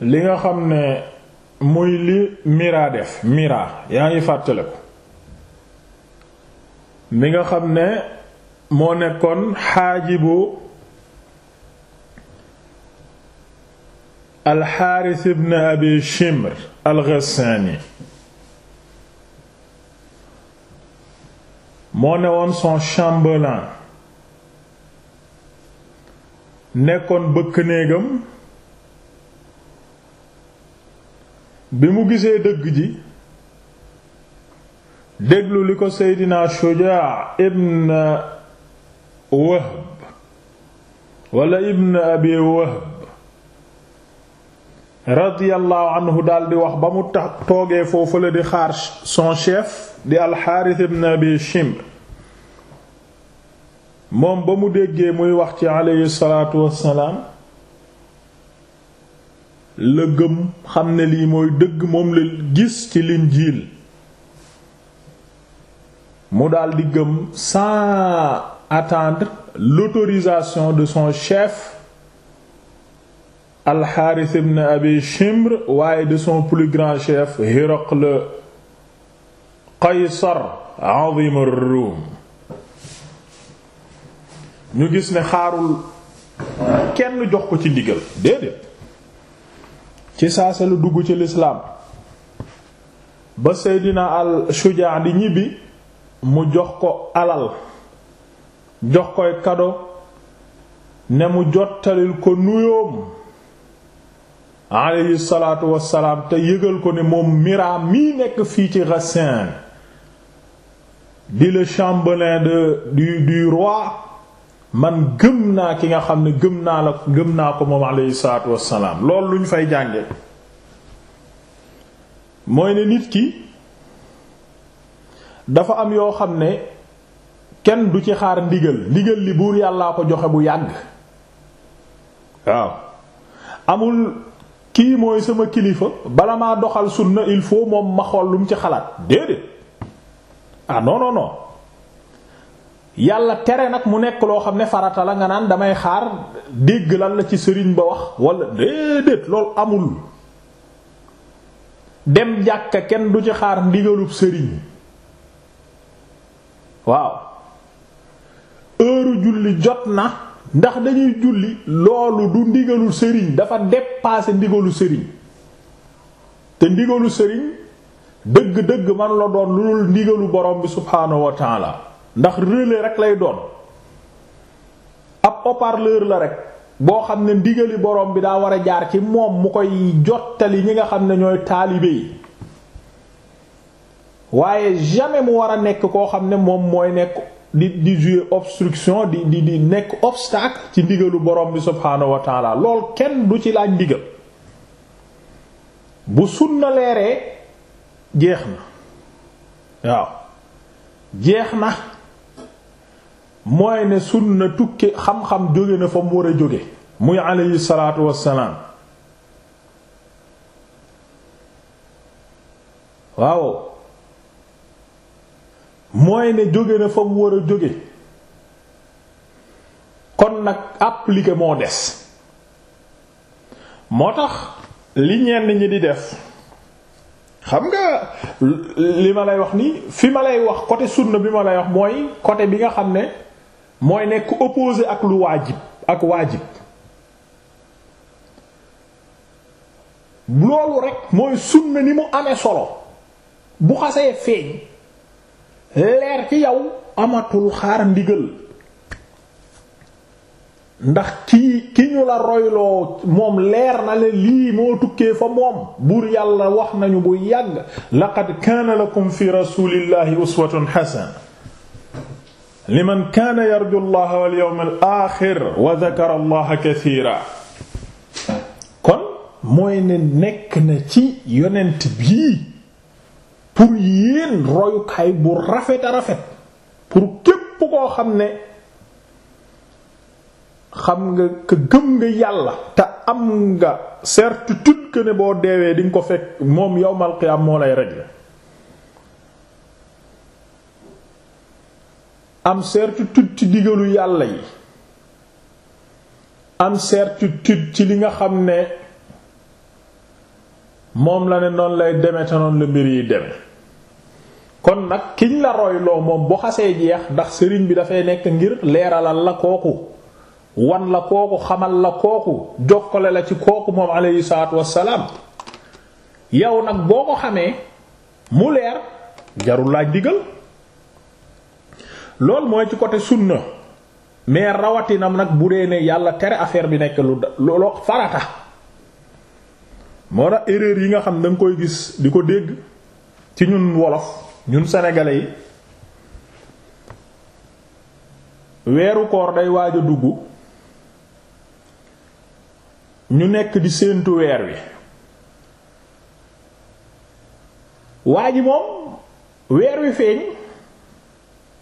li nga xam ne muy li mira def mira yaa ngi fàttale ko mi nga xam ne moo nekkoon xaajibu alxaaris ibn abi shimr yi moo ne woon son chambellan nekkoon bëkk néegam bi mu gisee dëgg ji déglu li ko seydina shujaa ibn wahb wala ibn abi wahb radiyallahu anhu daldi wax ba mu tax toogee foofu la di xaar son chef di alxaaris ibn abi shimr moom ba mu déggee muy wax ci aleyhi salaatu wassalaam la gëm xam ne lii mooy dëgg moom la gis ci linjiil mu daldi gëm sans attendre l'autorisation de son chef alxaaris ibn abi chimr waaye de son plus grand chef Héracle qaysar azim ar ñu gis ne xaarul kenn jox ko ci ndigal déedéet ci saase lu dugg ci lislaam ba seydina al shujaa di ñibbi mu jox ko alal jox koy kado ne mu jottalil ko nuyoom aleyhi salaatu wassalaam te yëgal ko ne moom Mira mii nekk fii ci Ghassan di le chambellan de du du roi man gëm naa ki nga xam ne gëm naa la gëm naa ko moom alayhi salaatu wassalaam loolu lu ñu fay jànge mooy ne nit ki dafa am yoo xam ne kenn du ci xaar ndigal ndigal li buur yàllaa ko joxe bu yàgg waaw amul kii mooy sama kilifa bala maa doxal sunna il faut moom ma xool ci xalaat déedéet ah non yàlla tere nag mu nekk loo xam ne farata la nga naan damay xaar dégg lan la ci sëriñ ba wax wala déedéet loolu amul dem jàkka kenn du ci xaar ndigalub sëriñ waaw heure julli jot na ndax dañuy julli loolu du ndigalu sëriñ dafa dépasser ndigalu sëriñ te ndigalu sëriñ dëgg-dëgg man la doon lu dul ndigalu borom bi subhaanahu wa ndax relais rek lay doon ab oparleur la rek boo xam ne ndigali borom bi daa war a jaar ci moom mu koy jottali ñi nga xam ne ñooy taalibe yi waaye jamais mu war a nekk koo xam ne moom mooy nekk di di jouer di nekk obstacle ci ndigalu borom bi subhaanahu wa taala lool kenn du ci laaj ndigal bu sunna leeree jeex na waaw jeex na mooy ne sunna tukki xam-xam jóge na fa mu war a jóge muy aleyhi salaatu wassalaam waaw mooy ne jóge na fa mu war a jóge kon nag appliquer moo des moo tax li ñenn ñi di def xam nga li ma lay wax nii fi ma lay wax côté sunna bi ma lay wax mooy côté bi nga xam ne mooy nekk opposé ak lu waajib ak waajib loolu rek mooy sunna ni mu amee solo bu xasee feeñ leer ci yow amatul xaar ndigal ndax kii ki ñu la royloo moom leer na la lii moo tukkee fa moom buur yàlla wax nañu bu yàgg laqad kaana lakum fi rasulillahi uswatun hasana liman kaana yarju llaha wal yawmal aaxir wa dhakara allaha kathiira kon mooy ne nekk na ci yonent bii pour yéen royukaay bu rafet a rafet pour képp koo xam ne xam nga ka gëm nga yàlla te am nga certitude que ne boo deewee di nga ko fekk moom yawmal qiyaam moo lay régler am certitude ci digalu yàlla yi am certitude ci li nga xam ne moom la ne noonu lay deme te noonu la mbir yi deme kon nag kiñ la royloo moom bu xasee jeex ndax sëriñ bi dafay nekk ngir leeralal la kooku wan la kooku xamal la kooku jokkale la ci kooku moom aleyhi salaatu wassalaam yow nag boo ko xamee mu leer jarul laaj digal lool mooy ci côté sunna mais rawatinam nag bu dee ne yàlla tere affaire bi nekk lu loo farata moo tax erreur yi nga xam da koy gis di ko dégg ci ñun wolof ñun sénégalais yi weeru koor day waaja a dugg ñu nekk di séentu weer wi waa ji moom weer wi feeñ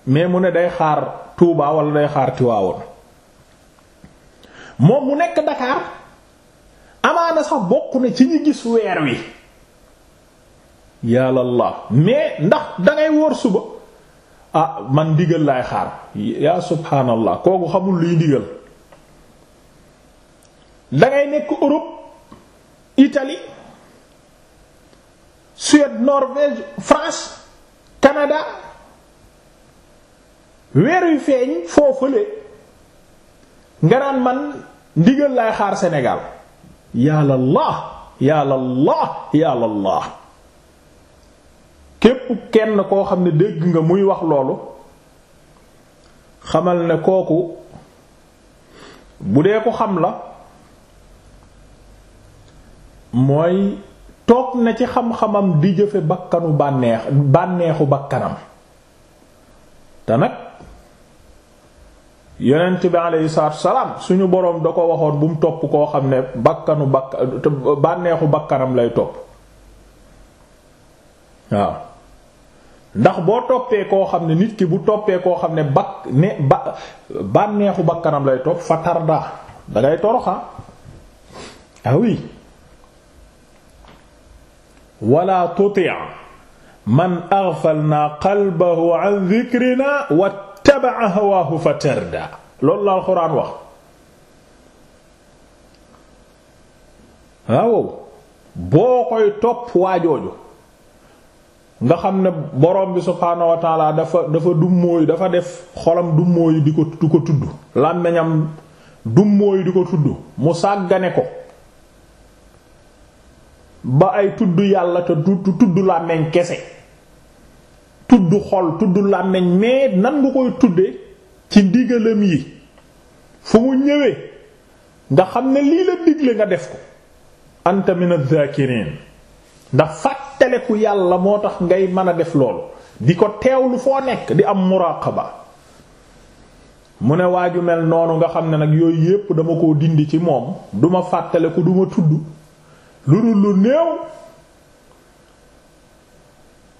mais mu ne day xaar Touba wala day xaar Tiwaawoon moom mu nekk Dakar amaana sax bokk na ci ñu gis weer wi yàlla la mais ndax dangay wóor suba ah man ndigal laay xaar yaa subhaanallah kooku xamul luy ndigal dangay nekk Europe Italie Suède Norvège France Canada weer yu feeñ foofale nga naan man ndigal laay xaar Sénégal yàlla la yàlla la képp kenn koo xam ne dégg nga muy wax loolu xamal ne kooku bu dee ko xam la mooy toog na ci xam-xamam di jëfe bakkanu bànneex bànneexu bakkanam te nag yonent bi alayhi salaatu salaam suñu boroom da ko waxoon bu mu topp koo xam ne bakkanu bakk bànneexu bakkanam lay topp waaw ndax boo toppee koo xam ne nit ki bu toppee koo xam ne bakk ne ba bànneexu bakkanam lay topp fa tarda dangay toroxa ah oui wala tuti' man aghfalna qalbahu an dhikrina wa ittaba'a hawaahu fatarda loolu la alxuraan wax waaw boo koy topp waajooju nga xam ne borom bi subhaanahu wa taala dafa dummóoyu dafa def xolam dummóoyu di ko di ko tudd làmmiñam dummóoyu di ko tudd mu sàggane ko ba ay tudd yàlla te tudd làmmiñ kese tudd xol tudd làmmiñ mais nan nga koy tudde ci ndigalam yi fu mu ñëwee nga xam ne lii la digle nga def ko anta min adh-dhakirin ndax yàlla moo tax ngay mën a def loolu di ko teewlu foo nekk di am muraqaba mu ne waaju mel noonu nga xam ne nag yooyu yépp dama koo dindi ci moom duma fàttaleku duma tudd lu dul lu néew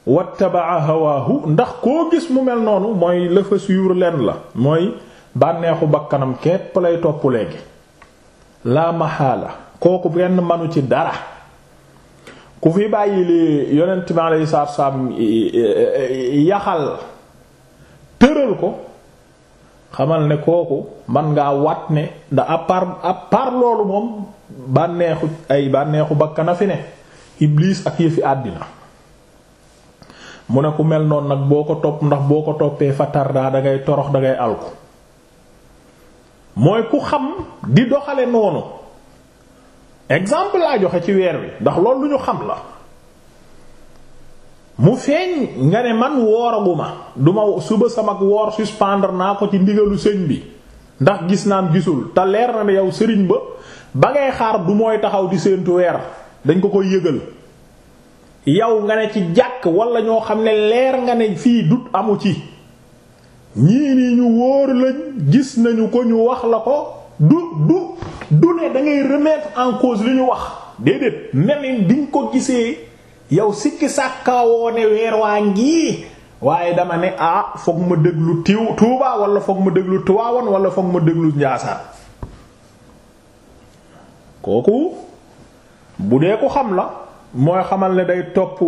wattabaa hawaahu ndax koo gis mu mel noonu mooy la fa suivre leen la mooy bànneexu bakkanam képp lay topp léegi laa maxaala kooku benn manu ci dara ku fi bàyyi li yonent bi alayhi salaatu salaam yaxal tëral ko xamal ne kooku man ngaa wat ne da à part à loolu moom bànneexu ay bànneexu bakkana fi ne iblis ak yëfi àddina mu ne ku mel noonu nag boo ko topp ndax boo ko toppee fa tardaa dangay torox da ngay alku mooy ku xam di doxale noonu exemple laa joxe ci weer wi ndax loolu lu ñu xam la mu feeñ nga ne man wooraguma duma suba sama woor suspendre naa ko ci ndigalu sëñ bi ndax gis naam gisul te leer na yow sëriñ ba ba ngay xaar du mooy taxaw di séentu weer dañ ko koy yëgal yow nga ne ci jàkk wala ñoo xam ne leer nga ne fii dut amu ci ñii nii ñu wóor lañ gis nañu ko ñu wax la ko du du du ne da ngay remettre en cause li ñu wax déedéet même bi nga ko gisee yow sikki sàkkaawoo weer waa ngi waaye dama ne ah foog ma déglu tiw Tuuba wala foog ma déglu Tiwaawan wala foog ma déglu Njaasaan kooku bu dee ko xam la mooy xamal ne day topp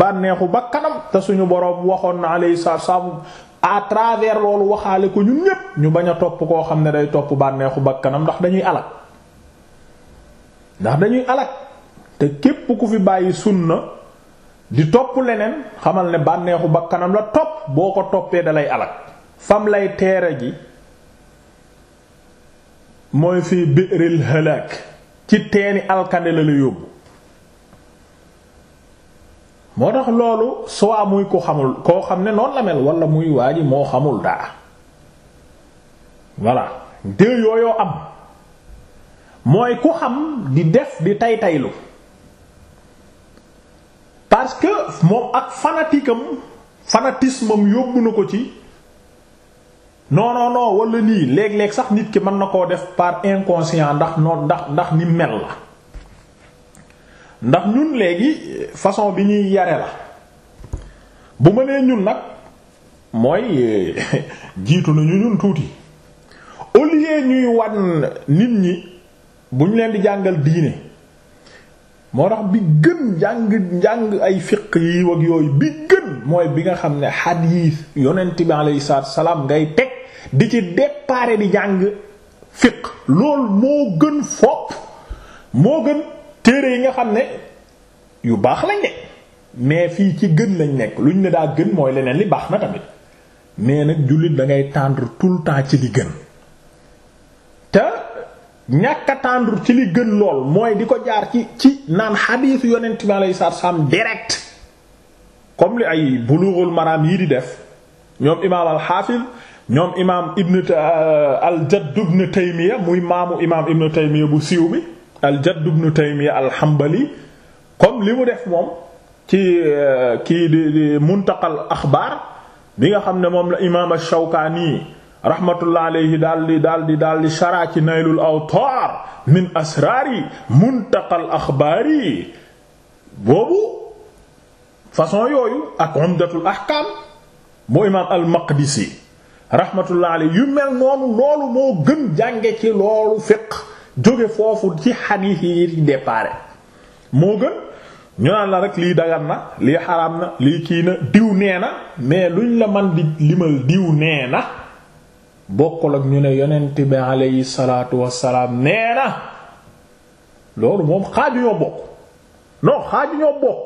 bànneexu ba kanam te suñu boroom waxoon na alayhi salaam à travers loolu waxaale ko ñun ñépp ñu bañ a topp koo xam ne day topp bànneexu ba kanam ndax dañuy alak ndax dañuy alak te képp ku fi bàyyi sun na di topp leneen xamal ne bànneexu ba kanam la topp boo ko toppee dalay alak fam lay teere ji mooy fi bi'ril halak ci teeni alkande la la yóbbu moo tax loolu soit muy ko xamul koo xam ne noonu la mel wala muy waa ji moo xamul daa voilà deux yooyoo am mooy ku xam di def di tay taylu parce que moom ak fanatique am fanatisme yóbbu na ko ci non non non nii léeg-léeg sax nit ki mën na koo def par inconscient ndax noon ndax ndax ni mel la ndax ñun léegi façon bi ñuy yare la bu ma nee ñun nag mooy jiitu nañu ñun tuuti au lieu ñuy wan nit ñi bu ñu leen di jàngal diine moo tax bi gën jàng njàng ay fiq yi wag yooyu bi gën mooy bi nga xam ne xadiis yonent bi alayhi salaam ngay teg di ci départ di jàng fiq lool moo gën fopp moo gën téere yi nga xam ne yu baax lañ ne mais fii ci gën lañ nekk lu ñu ne daa gën mooy leneen li baax na tamit mais nag jullit da ngay tendre tout le temps ci li gën te ñàkk a ci li gën lool mooy di ko jaar ci ci naan xadiis yonent bi alayhi salaatu salaam direct comme li ay bulughul maram yii di def ñoom imaam al ñoom imaam ibn euh, al-Jadd ibn Taymiyya muy maamu imaam ibn Taymiyya bu siiw bi al Jadd ibn Taymiyya al comme li mu def moom ci euh, kii di di muntaqal bi nga xam ne moom la imaam ash-Shawkaani rahmatullah alayhi daal di daal di daal di sharaa ci naylul awtaar min asraari muntaqal axbaar boobu façon yooyu ak umdatul ahkaam mu imaam al-Maqdisi rahmatullah yu mel noonu loolu moo gën jànge ci loolu fiqh jóge foofu ci xadiis yi déparé moo gën ñu naan la rek lii dagan na lii xaraam na lii kii na diw nee na mais luñ la man di limal diw nee na bokkul ak ñu ne yonent bi aleyhi salaatu wassalaam nee na loolu moom xaaju ñoo bokk non xaaju ñoo bokk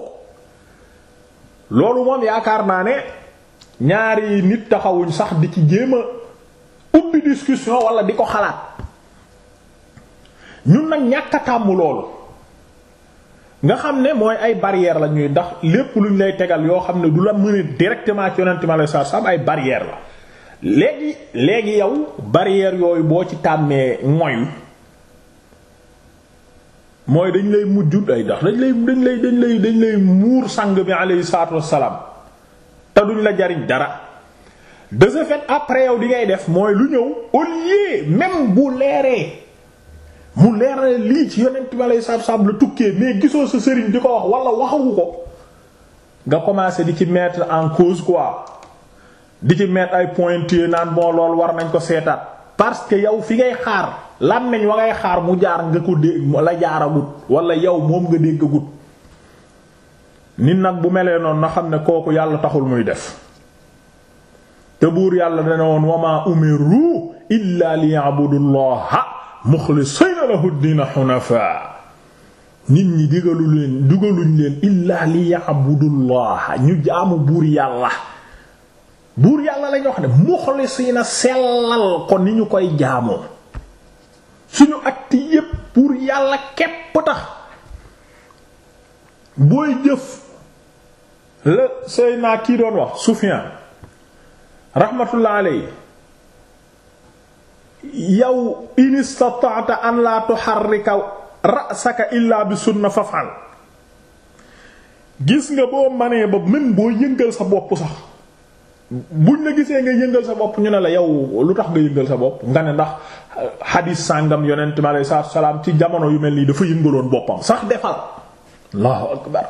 loolu moom yaakaar naa ne ñaari nit taxawuñ sax di ci jéema a ubbi discussion wala di ko xalaat ñun nag ñàkk a tàmm loolu nga xam ne mooy ay barrière la ndax lépp luñ lay tegal yoo xam ne du la mën a directement ci yonent mi alayhi ay barrière la léegi léegi yow barrière yooyu boo ci tàmmee moyu mooy dañ lay mujj ay ndax dañ lay dañ lay dañ lay dañ lay muur sang bi alayhi salaatu salaam te duñ la jariñ dara de ce après yow di ngay def mooy lu ñëw au lieu bu leeree mu leerale lii ci yonent bi aleyhi salaatu salaam la tukkee mais gisoo sa sëriñ di ko wax wala waxawu ko nga commencé di ci mettre en cause quoi di ci mettre ay pointiers naan bon lool war nañ ko seetaat parce que yow fi ngay xaar lan nañ wa ngay xaar mu jaar nga ko dégg la jaaragut wala yow moom nga déggagut ni nag bu melee noonu na xam ne kooku yàlla taxul muy def te buur yàlla dana woon wama umiru illa liya'budullaha muxlisiina lahu diina xunafaa nit ñi digalu leen digaluñ leen illaa li ya'budullaha ñu jaamu buur yàlla buur yàlla lañu wax ne na sellal ko ni ñu koy jaamoo suñu acte yépp buur yàlla képp tax booy jëf la Seydina kii doon wax Sufyaan raxmatullahi alayhi yow in istata'ta an la tuharrika ra'saka illa bi sunna faf'al gis nga boo manee ba même boo yëngal sa bopp sax buñ la gisee nga yëngal sa bopp ñu ne la yow lu tax nga yëngal sa bopp nga ne ndax xadiis euh, sàngam yonent mi alayhi salaam ci jamono yu mel nii dafa yëngaloon boppam sax defal allahu akbar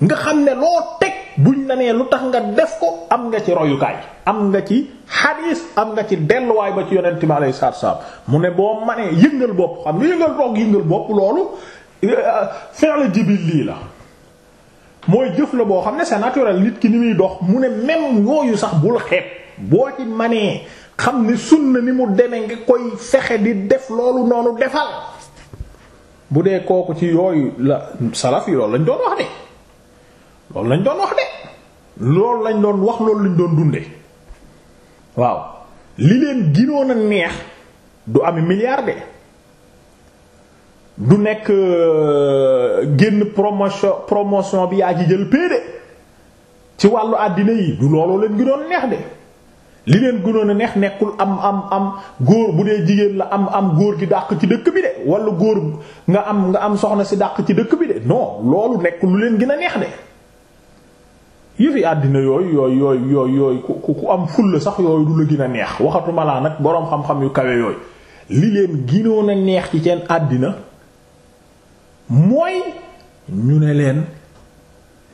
nga xam ne loo teg buñ la nee lu tax nga def ko am nga ci royukaay am nga ci xadiis am nga ci delluwaay ba ci yonent bi alayhi salaatu mu ne boo manee yëngal bopp xam nga yëngal toog yëngal bopp loolu euh, fi'l jibilli la mooy jëf la boo xam ne c'est naturel nit ki ni muy dox mu ne même yooyu sax bul xeeb boo ci manee xam ne na ni mu deme nga koy fexe di def loolu noonu defal bu dee kooku ci yooyu la salaf yi loolu lañ doon wax de loolu lañ doon wax loolu lañ doon wax loolu lañ doon dunde waaw li leen ginoon a neex du ami milliardaire du nekk euh, génn promotion promotion bi yaa ci jël péede ci wàllu àddina yi du looloo leen ginoon neex de li leen gënoon a neex nekkul am am am góor bu dee jigéen la am am góor gi dàq ci dëkk bi de wala góor nga am nga am soxna si dàq ci dëkk bi de non loolu nekk lu leen gën a neex de yëfi àddina yooyu yooyu yooyu yooyu yooyu ku ku am fulla sax yooyu du la gën a neex waxatuma laa nag boroom xam-xam yu kawe yooyu li leen ginoon a neex ci seen àddina mooy ñu ne leen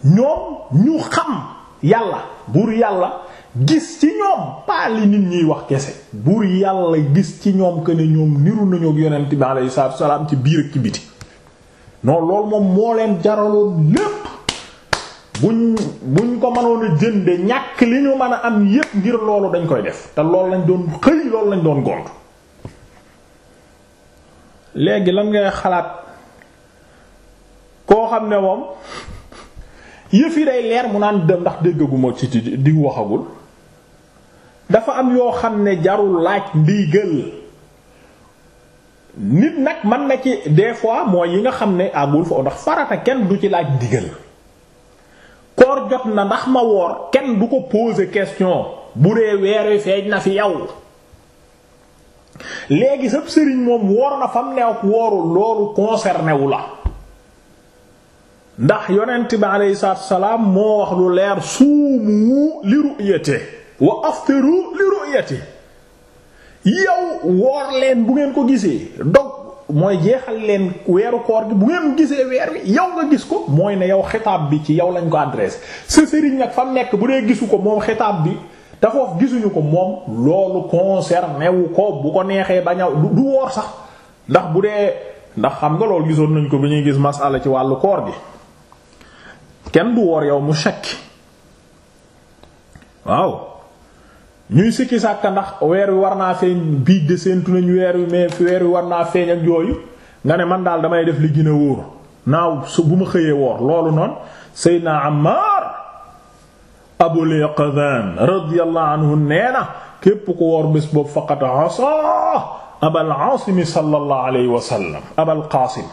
ñoom ñu xam yàlla buur yàlla gis ci ñoom pas li nit ñuy wax kese buur yàlla gis ci ñoom que ne ñoom niru nañu ak yonent bi alayhi salaam ci biir ak ci biti non loolu moom moo leen jaraloon lépp buñ buñ ko manoon a jënde ñàkk li ñu mën a am yépp ngir loolu dañ koy def te loolu lañ doon xëy loolu lañ doon gont léegi la ngay xalaat koo xam ne moom yëf yi day leer mu naan dem ndax déggaguma ci ci di waxagul dafa am yoo xam ne jarul laaj ndigal nit nag mën na ci des fois mooy yi nga xam ne àggul fa ndax farata kenn du ci laaj ndigal koor jot na ndax ma woor kenn du ko poser question bu dee weer wi feeñ na fi yow léegi sab sëriñ moom woor na fam neew wooru loolu concerné wu la ndax yonent bi aleyhi salaam moo wax lu leer suumu li ru'yati wa aftiru li ru'yati yow woor leen bu ngeen ko gisee mooy jeexal leen weeru koor bi bu ngeen gisee weer wi yow nga gis ko mooy ne yow xitaab bi ci yow lañ ko adressé sa sëriñ nag fa mu nekk bu dee gisu ko moom xitaab bi te foofu gisuñu ko moom loolu concerné wu ko bu ko neexee ba ñaw du woor sax ndax bu dee ndax xam nga loolu gisoon nañ ko bi ñuy gis masala ci wàllu koor bi kenn du woor yow mu shakki waaw ñuy sikki sàkka ndax weer wi war naa feeñ biig de séentu nañ weer wi mais weer wi war naa feeñ ak yooyu nga ne man daal damay def li gën a wóor naaw su bu ma xëyee woor loolu noonu Seydina Ammar Abul Yaqzan radiyallahu anhu nee na képp ko woor bés boobu faqat asa Abal Aasimi sallallahu alayhi wa Abal Qaasim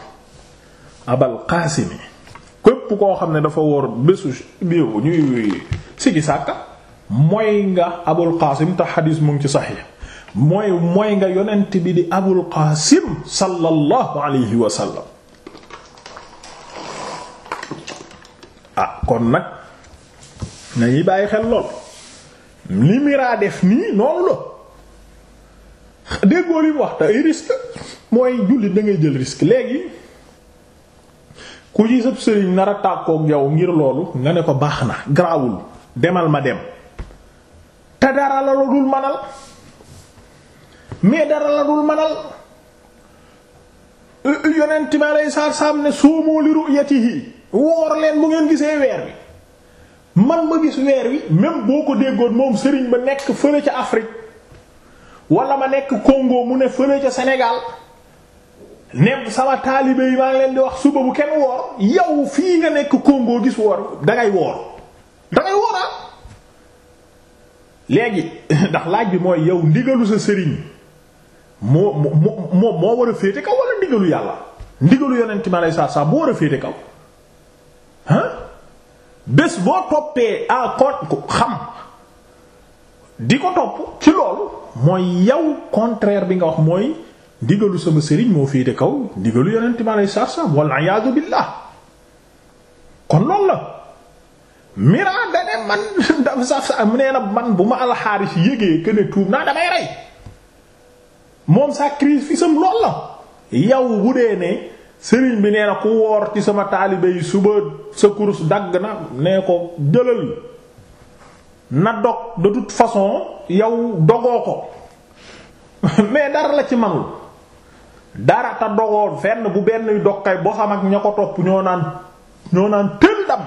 Abal Qaasimi képp koo xam ne dafa woor bésu biiw ñuy sikki sàkka mooy nga abul qaasim te xadiis mu ngi ci saxiix mooy mooy nga yonent bi di abul qaasim sallallahu alayhi wa ah kon nag nañuy bàyyi xel lool li def nii noonu la déggoo li mu ay risque mooy jullit da ngay jël risque léegi ku ci sab sëriñ nar a tàkkook yow ngir loolu nga ne ko baax na garaawul demal ma dem te dara la dul manal mais dara la dul manal yonent mi alayhi salaam ne suumu li ru'yatihi woor leen bu ngeen gisee weer wi man ma gis weer wi même boo ko déggoon moom sëriñ ba nekk fële ca Afrique wala ma nekk Congo mu ne fële ca Sénégal ne sama taalibe yi maa ngi leen di wax suba bu kenn woor yow fii nga nekk Congo gis woor dangay woor dangay woora ah? léegi ndax laaj bi mooy yow ndigalu sa sëriñ moo moo moo war a féete kaw wala ndigalu yàlla ndigalu yonent mi alayhi salaam boo war a féete kaw ah bés boo toppee ah ko xam di ko topp ci loolu mooy yow contraire bi nga wax mooy ndigalu sama sëriñ moo féete kaw ndigalu yonent mi alayhi salaam wal iyaadu billah kon loolu la miraada man dafa saf sa mu nee na man bu ma alxaaris yégee que ne tuub naa damay rey moom sacrifice am lool la yow bu dee ne sëriñ bi nee na ku woor ci sama taalibe yi suba sa kurus dagg na ne ko jëlal na dog de toute façon yow dogoo ko mais dara la ci manul dara te dogoon fenn bu benn dokkay boo xam ak ña ko topp ñoo naan ñoo naan tël dam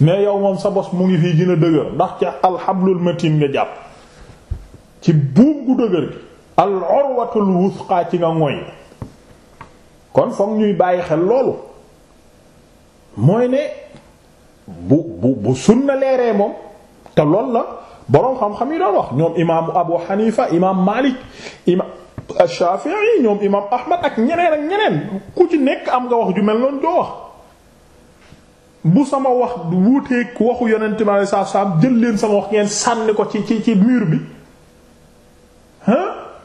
mais yow moom sa bos mu ngi fii gën a dëgër ndax ca alxablul matin nga jàpp ci buum gu dëgër gi al urwatul wusqa ci nga ngoy kon foog ñuy bàyyi xel loolu mooy ne bu bu bu sunna leeree moom te lool la boroom xam-xam yi doon wax ñoom imaamu Abu Hanifa imaam Malik imaam Shafi'i ñoom imaam Ahmad ak ñeneen ak ñeneen ku ci nekk am nga wax ju mel noonu doo wax bu sama wax wuuteeg waxu yonent ma saa saam jël leen sama wax ngeen sànni ko ci ci ci mur bi ah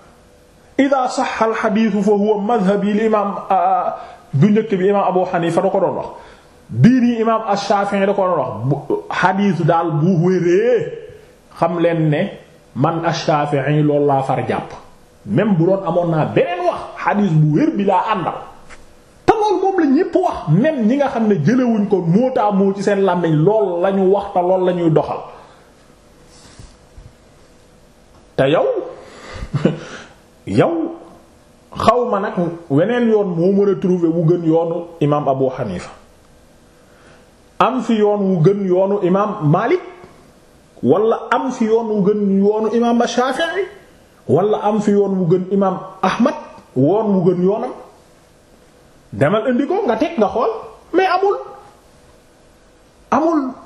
ida saxa alxaditu fa huwa madhabi li imam Abu Hanifa da ko doon wax bii nii imam Ash-Shafi'i da ko doon wax xaditu daal bu wéree xam leen ne man Ash-Shafi'i loolu laa far jàpp même bu doon amoon naa beneen wax xadis bu wér bi laa àndal loolu moom la ñépp wax même ñi nga xam ne jëlewuñ ko mootaa moo ci seen làmmiñ lool la ñu wax te lool la ñuy doxal te yow yow xaw ma nag weneen yoon moo mën a trouver wu gën yoonu imaam Abu Hanifa am fi yoon wu gën yoonu imaam Malik wala am fi yoon am fi yoon wu gën imaam Ahmad woon wu gën yoonam demal indi ko nga teg nga xool mais amul amul